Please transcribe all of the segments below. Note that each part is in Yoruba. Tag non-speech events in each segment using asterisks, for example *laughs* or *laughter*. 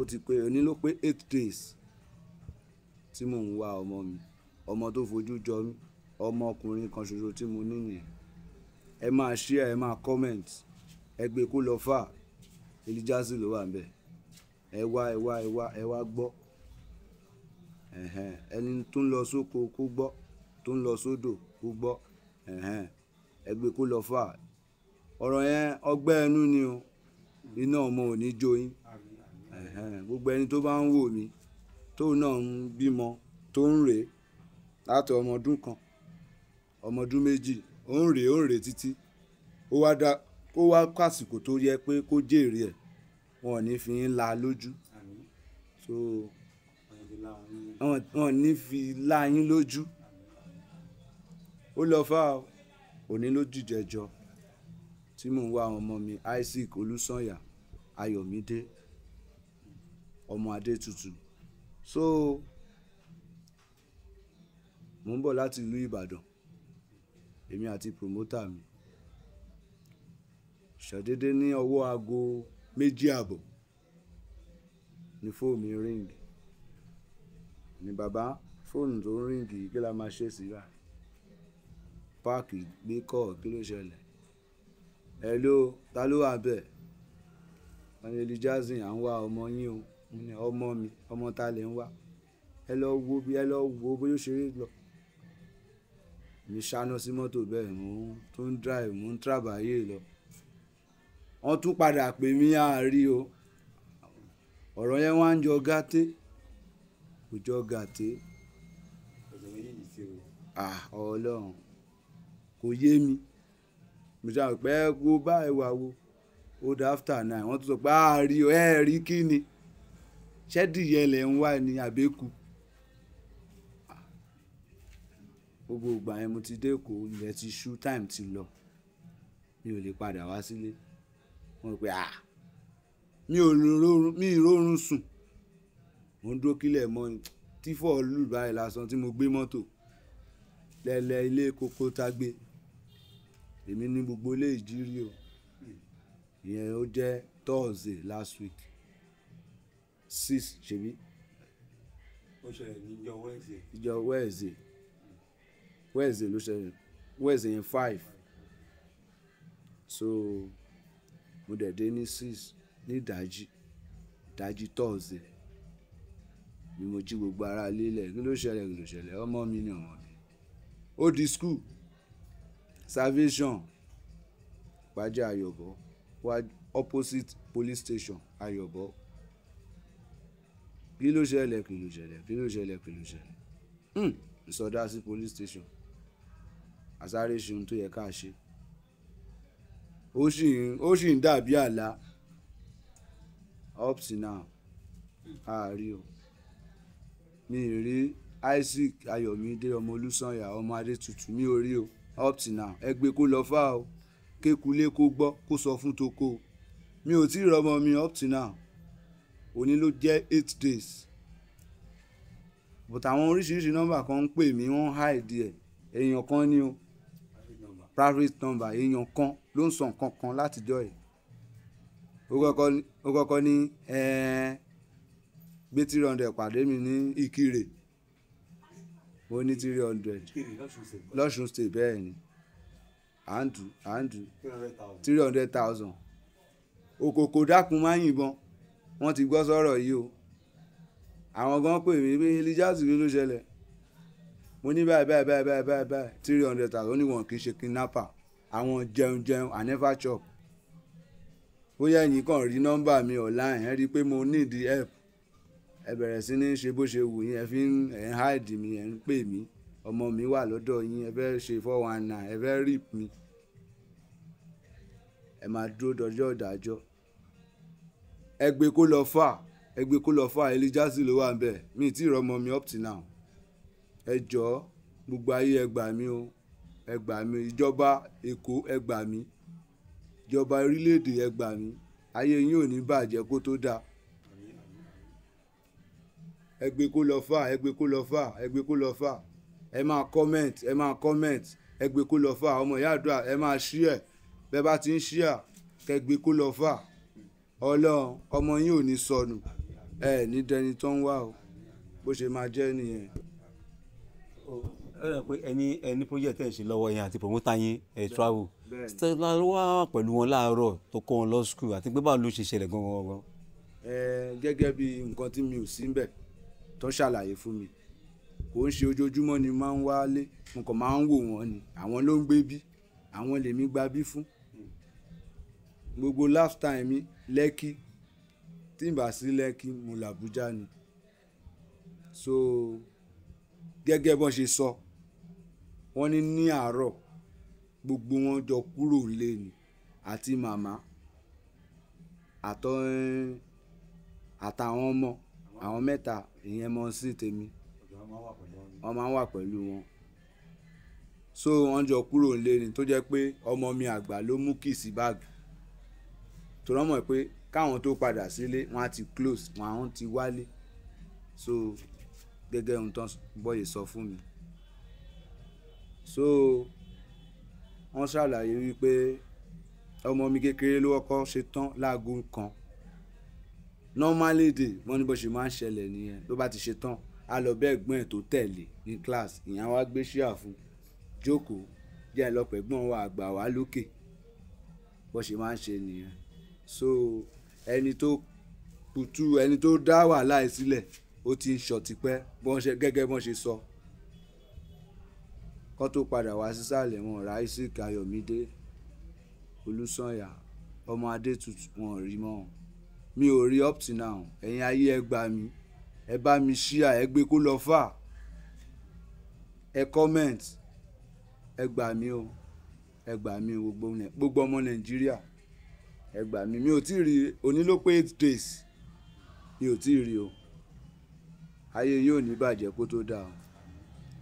ó ti pé òní ló pé eight days tí mò ń wá ọmọ mi ọmọ tó fojú jọ mí ọmọ ọkùnrin kan ṣoṣo tí mo ní nìyẹn ẹ máa ṣíà ẹ máa comment ẹ gbé kó lọ fà Elijazzy ló wà níbẹ̀ ẹ wá ẹ wá ẹ wá ẹ wá gbọ́ ẹni tó ń lọ sóko kó gbọ́ tó ń lọ sódò kó gbọ́ ẹ kó lọ fà ọ̀rọ̀ yẹn ọgbẹ́ ẹnu ni o iná ọmọ ò ní jó yín gbogbo ẹni tó bá ń wò mí tóun náà ń bímọ tó ń rèé láti ọmọ ọdún kan ọmọ ọdún méjì ó ń rèé ó ń rèé títí ó wá dá ó wá kásìkò tó yẹ pé kó jèrè ẹ̀ wọn ò ní fi ń la lójú so wọn ò ní fi la yín lójú ó lọ fà ó òní ló dìjẹjọ tí mò ń wá ọmọ mi Isaac Olúsànyà Ayọ̀mídé ọmọ adétutù so mo ń bọ̀ láti ìlú ìbàdàn èmi àti promoter mi ṣàdédé ní ọwọ́ aago méjì àbọ̀ ni fóònù mi ríǹgì ni bàbá fóònù tó ń ríǹgì kí la máa ṣe sí ra páàkì gbé kọ́ kí ló ṣẹlẹ̀ hello ta ló wà bẹ́ẹ̀ wọ́n ní Elijah Zine à ń wá ọmọ yín o ọmọ mi ọmọ ta lè ń wá ẹ lọ wo bí ẹ lọ wo bóyá ó ṣeré lọ mi ṣáná sí mọ́tò bẹ́ẹ̀ mò ń tó ń drive mò ń travayé lọ wọ́n tún padà pè mí àárí o ọ̀rọ̀ yẹn wá ń jọ gàté kò jọ gàté ọlọ́run kò yé mi mo ṣàpẹ́ kó bá wà wo ó after nine wọ́n tún sọ pé àárí o ẹ kí ni ṣẹ́díyẹ lẹ̀ ń wá ní àbẹ́kù gbogbo ìgbà yẹn mo ti dé èkó ilẹ̀ ti ṣú time ti lọ mi ò lè padà wá sílé wọ́n pe ah mi ò mi ìrórun sùn mo ń dúró kílẹ̀ mọ́ ni tífọ̀ lù báyìí lásán tí mo gbé mọ́tò lẹ́lẹ́ ilé kókó tá gbé èmi ní gbogbo ilé ìjírí o ìyẹn ó jẹ́ Thursday last week six ṣebí. ó ṣẹlẹ̀ níjọ́ wednesday. ìjọ wednesday wednesday ló ṣẹlẹ̀ wednesday yẹn five so mo dẹ̀ dé ní six ní ìdájí ìdájí thursday ni mo jí gbogbo ara lílẹ̀ kí ló ṣẹlẹ̀ kí ló ṣẹlẹ̀ ọmọ mi ni ọmọ mi ó di school salvation pàjẹ́ ayọ̀bọ̀ wá opposite police station ayọ̀bọ̀ kí ló ṣẹlẹ̀ kí ló ṣẹlẹ̀ kí ló ṣẹlẹ̀ kí ló ṣẹlẹ̀ nsọdá hmm, sí police station àsáré ṣeun tó yẹ ká ṣe ó sì ń ó sì ń dàbí àlá up to now ààrí o mi ì rí Isaac Ayọ̀mídé ọmọ Olúsànyà ọmọ Adétutù mi ò rí o up to now ẹ kó lọ fà o kékulé kó gbọ́ kó sọ fún toko mi ò tí ì rọmọ mi up to now òní ló jẹ́ eight days but àwọn oríṣiríṣi nọ́mbà kan ń pè mí wọ́n hide ẹ̀ èèyàn kan ni o private number èèyàn kan ló ń sọ nǹkan kan látijọ́ ẹ̀ ó kọ́kọ́ ní gbé three hundred pàdé mi ní Ìkirè ó ní three hundred lọ́sùn state bẹ́ẹ̀ ni à ń three hundred thousand òkòkò dákun máa ń yìnbọn wọ́n ti gbọ́ sọ̀rọ̀ yìí o àwọn gan pè mí pé elijazi ló ṣẹlẹ̀ mo ní báyìí báyìí báyìí báyìí báyìí báyìí three hundred thousand ó ní wọn kì í ṣe kidnapper àwọn jẹun jẹun i never chop ó yẹ ẹ̀yin kàn rí nọ́mbà mi online ẹ rí i pé mo need help ẹ bẹ̀rẹ̀ sí ní ṣe bó ṣe wù yín ẹ fi ń ẹ̀ ń hide mi ẹ̀ ń pè mí ọmọ mi wà lọ́dọ̀ yín ẹ fẹ́ ṣe four one nine ẹ fẹ́ rip mi ẹ máa dúró dọjọ́ ìdájọ́ ẹgbẹ́ kó lọ fà ẹgbẹ́ kó lọ fà Elijah ló wà bẹ́ẹ̀ mi ì tí rọmọ mi up till now ẹ jọ gbogbo ayé ẹ gbà mí o ẹ gbà mí ìjọba Èkó ẹ gbà mí ìjọba orílẹ̀-èdè ẹ gbà ayé yín ò ní bàjẹ́ kó tó dáa ẹgbẹ́ kó lọ fà ẹgbẹ́ kó lọ fà ẹgbẹ́ kó lọ fà ẹ máa comment ẹ máa comment ẹgbẹ́ kó lọ fà ọmọ ìyá àdúrà ẹ máa share bẹ́ẹ̀ bá ti ń share kẹgbẹ́ kó lọ fà ọlọ́run ọmọ yín ò ní sọnù ẹ ní dẹni tó ń wá o bó ṣe máa jẹ́ nìyẹn. ẹ rẹ pé ẹni ẹni project ẹ ṣe lọ́wọ́ yẹn àti promoter yín ẹ travel stella wá pẹ̀lú wọn láàárọ̀ tó kọ́ wọn lọ school àti pé báwo ló ṣe ṣẹlẹ̀ gangan. ẹ gẹ́gẹ́ bí nǹkan tí mi ò sí ń bẹ̀ tó ṣàlàyé fún mi kò ń ṣe ojoojúmọ́ ni máa ń wálé mo kàn máa ń wò wọ́n ni àwọn ló ń gbé bí àwọn lèmi gba bí fún gbogbo lifetime mi lẹ́kì tí n bá sí lẹ́kì mo làbújá ni so gẹ́gẹ́ bọ́n ṣe sọ wọ́n ní ní àárọ̀ gbogbo wọn jọ kúrò nílé ni àti màmá àtàwọn ọmọ àwọn mẹ́ta ìyẹn mọ sí tèmi wọ́n máa ń wà pẹ̀lú wọn so wọ́n jọ kúrò nílé ni tó jẹ́ pé ọmọ mi àgbà ló mú kìsì báàgì tó rán mọ̀ pé káwọn tó padà sílé wọn á ti close wọn àwọn ti wálé so gẹ́gẹ́ ohun tán bọ́yè sọ fún mi so wọ́n ṣàlàyé wípé ọmọ mi kékeré ló kọ́kọ́ ṣe tán láago kan normally day wọ́n ní bó ṣe máa ń ṣẹlẹ̀ nìyẹn ló bá ti ṣe tán a lọ bẹ́ẹ̀ gbọ́n ẹ̀ tó tẹ̀lé ní class ìyẹn wá gbé ṣíà fún jókòó díẹ̀ lọ́pẹ̀ gbọ́n wa àgbà wá lókè bó ṣe máa ń ṣe nìyẹn so ẹni tó kutu ẹni tó dá wàhálà yìí sílẹ̀ ó ti ń ṣọ̀tìpẹ́ gẹ́gẹ́ bọ́n ṣe sọ kó tó padà wá sísàlẹ̀ wọn ra isaac ayọ̀mídé olùsànyà ọmọ adétutù wọn rí mọ́ mi ò rí up to now ẹ̀yin ayé ẹ gbà mí ẹ bá mi ṣíà ẹ gbé kó lọ fà ẹ comment ẹ gbà mí o ẹ gbà mí gbogbo ọmọ nàìjíríà ẹ gbà mí mi ò tí ì rí onílòpé eight days mi ò tí ì rí o ayé yóò ní bàjẹ́ kó tó dáa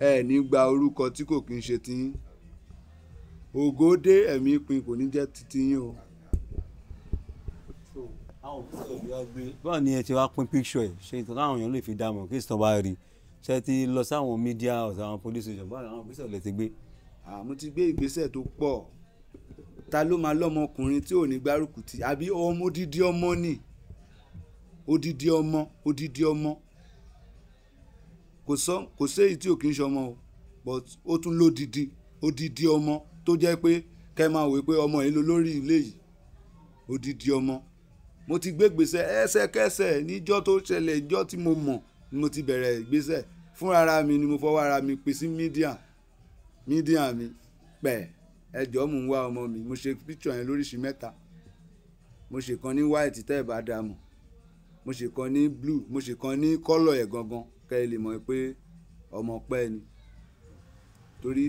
ẹ ní gba orúkọ tí kò kí ń ṣe tiyín ògòdé ẹ̀mí pin kò ní jẹ́ tiyín o. báwo ni ẹ ti wá pín píkṣọ ẹ ṣe ìtàn káwọn èèyàn lè fi dámọ̀ kí ìtàn bá rí ṣe ti lọ sáwọn mídíà ọ̀sán àwọn police station báwo làwọn ìgbésẹ̀ lè ti gbé. àmọ́ ti gbé ìgbésẹ̀ tó pọ̀ ta ló máa lọ́mọkùnrin tí ò ní gbárùkù tì àbí ọmọ odidi ọmọ ni odidi ọmọ odidi ọmọ kò sọ kò séyìí tí ò kí ń ṣọmọ o but ó tún lódidi odidi ọmọ tó jẹ́ pé kẹ́ máa wò pé ọmọ yìí ló lórí ilé yìí odidi ọmọ mo ti gbé gbèsè ẹsẹ̀kẹsẹ̀ níjọ́ tó ṣẹlẹ̀ ìjọ́ tí mo mọ̀ ni mo ti bẹ̀rẹ̀ gbèsè fúnra mi ni mo fọwọ́ ara mi pè sí mídíà mídíà mi pẹ̀ẹ́ ẹjọ́ mò ń wá ọmọ mi mo ṣe píṣọ̀ yẹn lóríṣi mẹ́ta mo ṣe kan ní white tẹ́ ẹ̀ bá dà mọ̀ mo ṣe kan ní blue mo ṣe kan ní kọ́lọ̀ ẹ̀ gangan kẹ́ ẹ lè mọ̀ pé ọmọ pẹ́ ni torí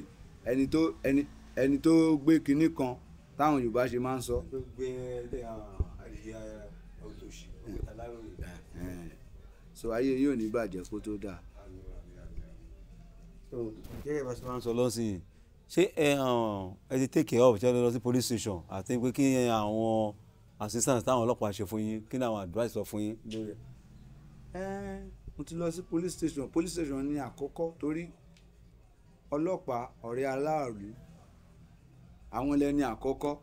ẹni tó ẹni ẹni tó gbé kinní kan táwọn Yorùbá ṣe máa ń sọ. gbogbo eh, eh, eh, so ayé yóò ní bàjẹ́ kó tó dáa. gẹ́gẹ́ bá ṣe máa ń sọ lọ́sìn yìí ṣé ẹ ẹ ti take care of ṣé lọ sí police station àti pé kí àwọn assistance táwọn ọlọ́pàá ṣe fún yín kí ni àwọn advice sọ fún yín lórí ẹ. ẹ mo ti lọ sí police station police station ni àkọ́kọ́ torí ọlọ́pàá ọ̀rẹ́ aláàrú àwọn lẹni àkọ́kọ́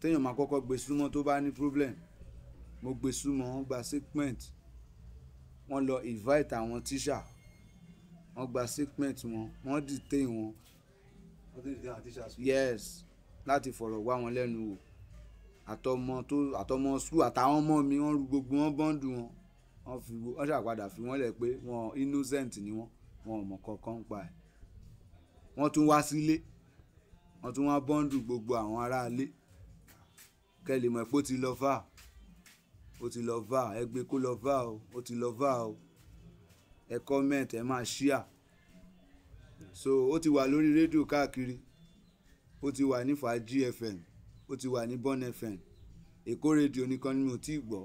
téèyàn máa kọ́kọ́ gbé súnmọ́ tó bá ní problem mo gbé súnmọ́ wọ́n gba statement wọ́n lọ invite àwọn tíṣà wọ́n gba statement wọn wọ́n detain wọn yes láti fọ̀rọ̀ wá wọn lẹ́nu wò àtọmọ tó àtọmọ skul àtàwọn ọmọ mi wọ́n ru gbogbo wọn bọ́ǹdù wọn wọ́n fi wọ́n ṣàpadà fi wọ́n lẹ̀ pé wọ́n innocent ni wọ́n wọn ò mọ̀ kankan pa ẹ̀ wọ́n tún wá sílé wọ́n tún wá bọ́ǹdù gbogbo àwọn aráalé kẹ́lẹ̀ mọ̀ pé ó ti lọ fà ó ti lọ fà ẹgbẹ́ kó lọ fà ó ti lọ fà ó ẹ kọ́mẹ̀ntì ẹ máa ṣíà so ó ti wà lórí rédíò káàkiri ó ti wà ní fàájì fm ó ti wà ní bọ́n fm èkó rédíò nìkan ni mo ti gbọ́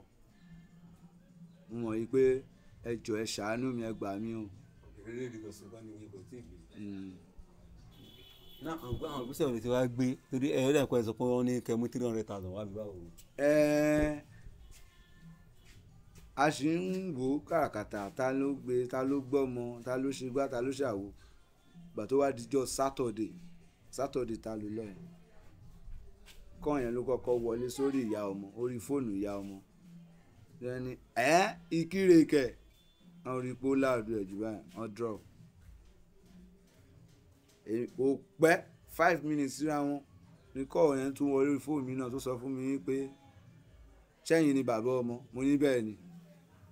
mo mọ̀ yí pé ẹ jọ̀ọ́ ẹ ṣàánú mi ẹ gbà mí o. eré rédíò sọ bá mi ní kò tí ì gbé. Hmm. náà àwọn àwọn ìgbésẹ̀ òde tí wàá gbé torí ẹ ẹ̀rọ ẹ̀kọ́ ẹ̀ sọ pé wọ́n ní kẹ́mú three hundred thousand wá bí báwo. a sì ń wo kàràkàtà ta ló gbé ta ló gbọ́mọ ta ló ṣe gbá ta ló ṣàwo gbà tó wá dijọ́ sátọ̀dé sátọ̀dé ta ló lọ yẹn kọ́ yẹn ló kọ́kọ́ wọlé sórí ìyá ọmọ orí fóònù ìyá ọmọ lẹ́ni ẹ́ ìkírè kẹ̀ wọ́n rí pé ó láàdú ẹ̀ jù báyìí wọ́n drop kò pẹ́ five minutes síra wọn ní kọ́ yẹn tún wọlé fóònù mi náà tó sọ fún mi pé ṣẹ́yìn ni bàbá ọmọ mo ní bẹ́ẹ̀ ni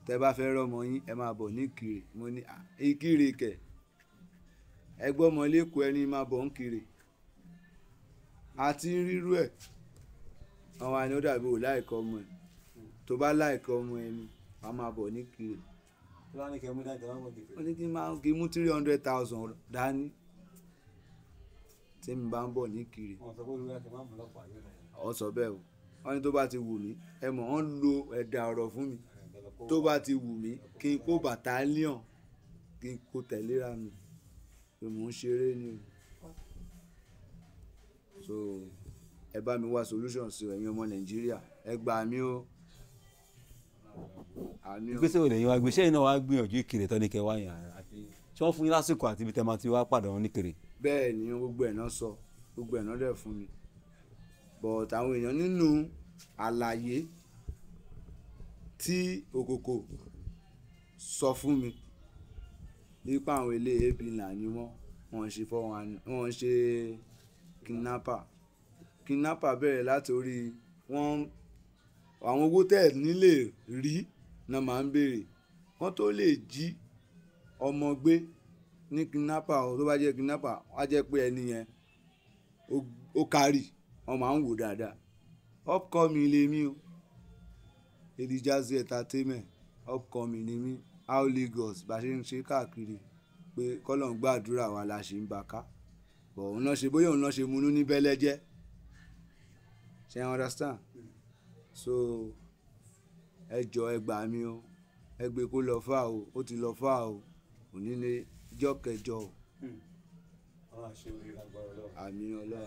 tẹ́ bá fẹ́ rọ́mọ yín ẹ máa bọ̀ ní mo ní ìkírè kẹ̀ ẹgbẹ́ ọmọ lẹ́kọ̀ọ́ ẹni máa bọ̀ ń kiri àti rírú ẹ̀ àwọn àni ó dàbí ò láìka ọmọ ẹ̀ tó bá láìka ọmọ ẹ̀ wàá máa bọ̀ ní kiri. wọ́n ní kí n máa kí n mú three hundred thousand dání tí mi bá ń bọ̀ ní kiri. ọ̀sọ̀ bẹ́ẹ̀ o wọ́n ní tó bá ti wù mí ẹ mọ̀ wọ́n lo ẹ̀dà ọ̀rọ̀ fún mi tó bá ti wù mí kí n kó bàtálíọ̀n kí n kó tẹ̀léra mi pé mò ń ṣeré ni so ẹ bá mi wá solution sí ẹ̀yin ọmọ nàìjíríà ẹ gbà mí o. ìgbésẹ̀ òde yìí wá gbé sẹ́yìn náà wá gbìyànjú ìkèrè tán ní kẹwàá yẹn àti tí wọ́n fún yín lásìkò àti ibi tẹ́lẹ̀ tí wàá pàdé wọn níkèrè. bẹ́ẹ̀ ni gbogbo ẹ̀ náà sọ gbogbo ẹ̀ náà dẹ̀ fún mi but àwọn èèyàn nínú àlàyé tí òkòkò sọ fún mi nípa àwọn ilé abla ni wọ́n wọ́n ṣe four one wọ́n ṣe kidnapper kidnapper bẹ̀rẹ̀ láti orí wọ́n àwọn owó tẹ̀ nílé rí náà máa ń béèrè wọ́n tó lè jí ọmọ gbé ní kidnapper tó bá jẹ́ kidnapper wọ́n á jẹ́ pé ẹni yẹn ó kárì wọ́n máa ń wò dáadáa upcoming lèmi o Elijah Z Entertainment upcoming lèmi how Lagos bá ṣe ń ṣe káàkiri pé kọ́lọ̀ ń gbàdúrà wa la ṣe ń ba ká bọ̀ òun náà ṣe bóyá òun náà ṣe munú ní bẹ́lẹ́jẹ́ ṣe you understand so ẹ jọ ẹ gbà mí o ẹ gbé kó lọ fà o ó ti lọ fà o òní ní jọ́ kẹjọ o. àmì ọlọ́run.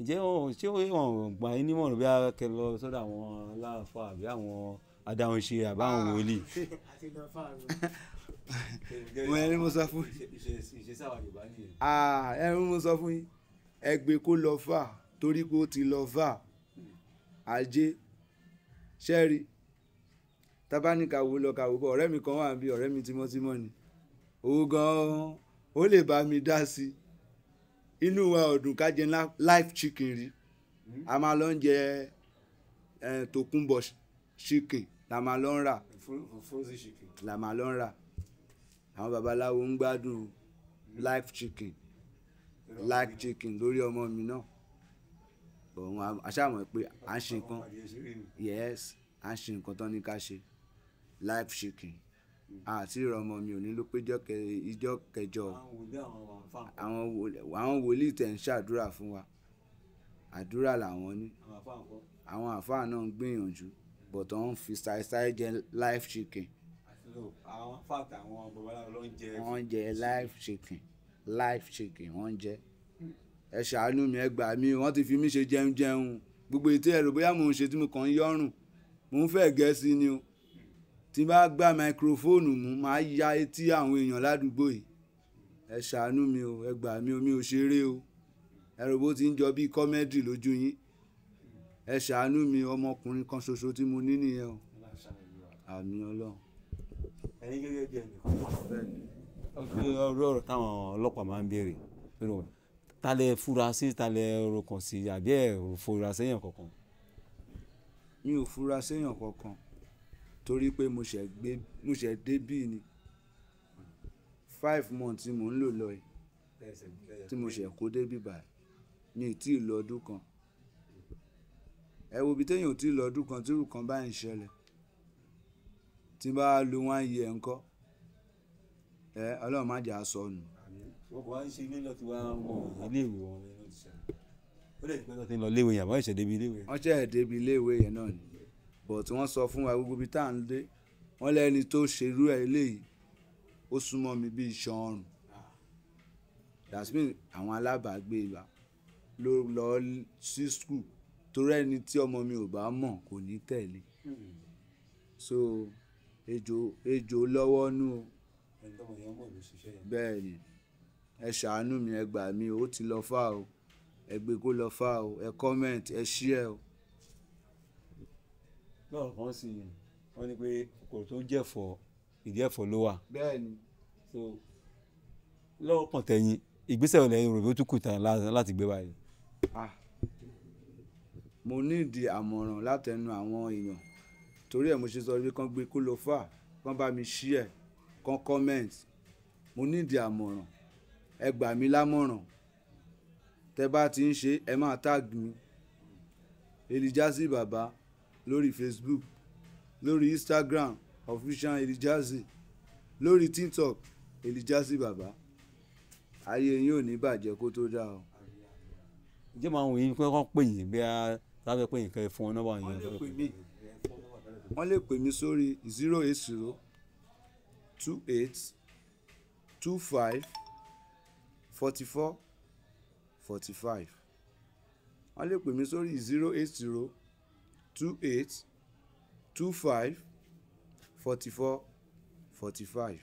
ǹjẹ́ wọn ò ṣé wọn ò gbà yín nímọ̀ràn bí akẹ́ lọ sọ́dọ̀ àwọn aláàfáà àbí àwọn adáhùn ṣe àbáwọn ah. wòlíì. *laughs* mo ẹni mo sọ fún yín. ẹni ah, mo sọ fún yín ẹgbẹ́ kó lọ fà torí pé ó ti lọ fà ajé ṣẹ́ẹ̀rì tábánikàwò lọ kàwò bọ̀ ọ̀rẹ́ mi kan wà bí ọ̀rẹ́ mi tímọ́tímọ́ ni òun gan-an ó lè bá mi dá sí i inú wa ọ̀dùn ká jẹ chicken rí a máa lọ ń jẹ tòkunbọ̀ṣì chicken la máa lọ ń rà frozen chicken la máa lọ ń rà àwọn babaláwo ń gbádùn live chicken live chicken lórí ọmọ mi náà òun aṣáàmọ̀ pé à ń ṣe nǹkan yes à ń ṣe nǹkan tán ní ká ṣe live chicken àti ìrọmọ mi ò ní ló pé ìjọ kẹjọ àwọn wòlíì tẹ̀ ń ṣàdúrà fún wa àdúrà làwọn ní àwọn àfáà náà ń gbìyànjú but wọ́n fi style style jẹ live chicken. àwọn fàtà àwọn babaláwo ló ń jẹ. wọ́n jẹ live chicken live chicken wọ́n jẹ. ẹ ṣàánú mi ẹ gbà mí wọ́n ti fi mí ṣe jẹun jẹun gbogbo ètò ẹ̀rọ bóyá mò ń ṣe tí mo kàn ń yọrùn mò ń fẹ́ gẹ́ sí ni o tí bá gba máikrófóònù mú màá ya etí àwọn èèyàn ládùúgbò yìí ẹ ṣàánú mi o ẹ gbà mí o mi ò ṣeré o ẹ̀rọ bó ti ń jọ bíi kọ́mẹ́dì lójú yín ẹ ṣàánú mi ọmọkùnrin kan ṣoṣo tí mo ní nìyẹn o àmì ọlọ́run. ẹ̀yin gẹ́gẹ́ bí ẹnìkan ọ̀rọ̀ ọ̀rọ̀ táwọn ọlọ́pàá máa ń béèrè ta lẹ fura sí ta lẹ rọkàn sí àbí ẹ ò fura séèyàn kankan. mi ò fura séèyàn kankan torí pé mo ṣẹ̀ dé bíi ni five months tí mo ń lò lọ yìí tí mo ṣẹ̀ kó dé bíbá mi ì tí ì lọ ọdún kan ẹ wo ibi téèyàn ò tí ì lọ́dún kan tírù kan bá ń ṣẹlẹ̀ tí n bá lu wọn yẹ ńkọ́ ẹ ọlọ́run má jà sọnù. wọn kò wá ń ṣe ilé lọ tí wọn á mọ iléèwé wọn lọ ti ṣe ó lè pẹ́ lọ́tí lọ iléèwé yẹn àbọ̀ ẹ̀ṣẹ̀ débi iléèwé. wọ́n ṣẹ̀ débi iléèwé yẹn náà ni but wọ́n sọ fún wa gbogbo ibi tá à ń dé wọ́n lẹ́ni tó ṣerú ẹ̀ eléyìí ó súnmọ́ mi bíi iṣan ọrùn that's àwọn alábàágbé wa ló lọ sí school torí ẹni tí ọmọ mi ò bá mọ̀ kò ní tẹ̀lé so ejò ejò lọ́wọ́ nú o bẹ́ẹ̀ ni ẹ ṣàánú mi ẹ gbà mí ó ti lọ fà o ẹ gbé kó lọ fà o ẹ comment ẹ share o. lọ́rọ̀ kan sì wọ́n ní pé kòkòrò tó jẹ̀fọ́ ìdí ló wà. bẹ́ẹ̀ ni. so lọ́wọ́ kan tẹ̀yìn ìgbésẹ̀ ọ̀lẹ́yìn rògbòtú kùtà láti gbé báyìí. ah mo nídìí àmọ̀ràn látẹnu àwọn èèyàn torí ẹ̀ mo ṣe sọ pé kán gbé kúlófà kán bá mi share kán comment mo nídìí àmọ̀ràn ẹ gbà mí lámọ̀ràn tẹ bá ti ń ṣe ẹ máa tag mi Elijazzy bàbá lórí Facebook lórí Instagram official Elijazzy lórí TikTok Elijazzy bàbá ayé yín ò ní bàjẹ́ kó tó dáa o. ǹjẹ́ màá wòye pé wọ́n pè yín bí a tábẹ́ pé nǹkan ẹ̀ fún ọ nọ́mbà yẹn. wọ́n lè pè mí sórí zero eight zero two eight two five forty four forty five wọ́n lè pè mí sórí zero eight zero two eight two five forty four forty five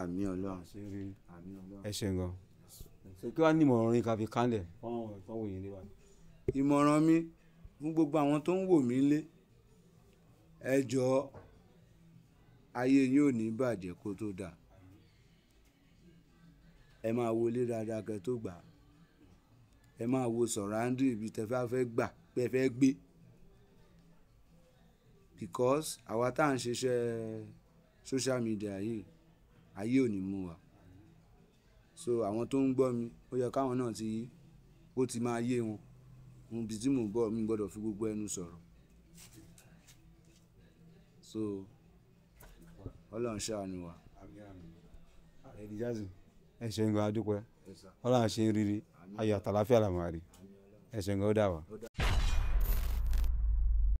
àmì ọlọ́run ẹ ṣe gan kí wàá ní ìmọ̀ràn orin kàfi kánlẹ̀ fọwọ́ yìí níwájú ìmọ̀ràn mi fún gbogbo àwọn tó ń wò mí lé ẹ jọ̀ọ́ ayé yín ò ní bàjẹ́ kó tó dà ẹ máa wọlé dáadáa kẹ́ tó gbà ẹ máa wo sọ̀ráńdì ibi tẹ́ fẹ́ fẹ́ gbà pé fẹ́ gbé because àwa tá à ń ṣiṣẹ́ social media yìí ayé ò ní mú wa so àwọn tó ń gbọ́ mi ó yẹ káwọn náà ti ó ti máa yé wọn mbizi mo bọ mi gbọ́dọ̀ fi gbogbo ẹnu sọ̀rọ̀ so Ọlọ́run ṣàánú ẹ ṣe ń gbọ́ adúpẹ́ Ọlọ́run ṣe ń rírí ayọ̀ àtàláfíà làwọn àrí ẹ ṣe ń gbọ́ dà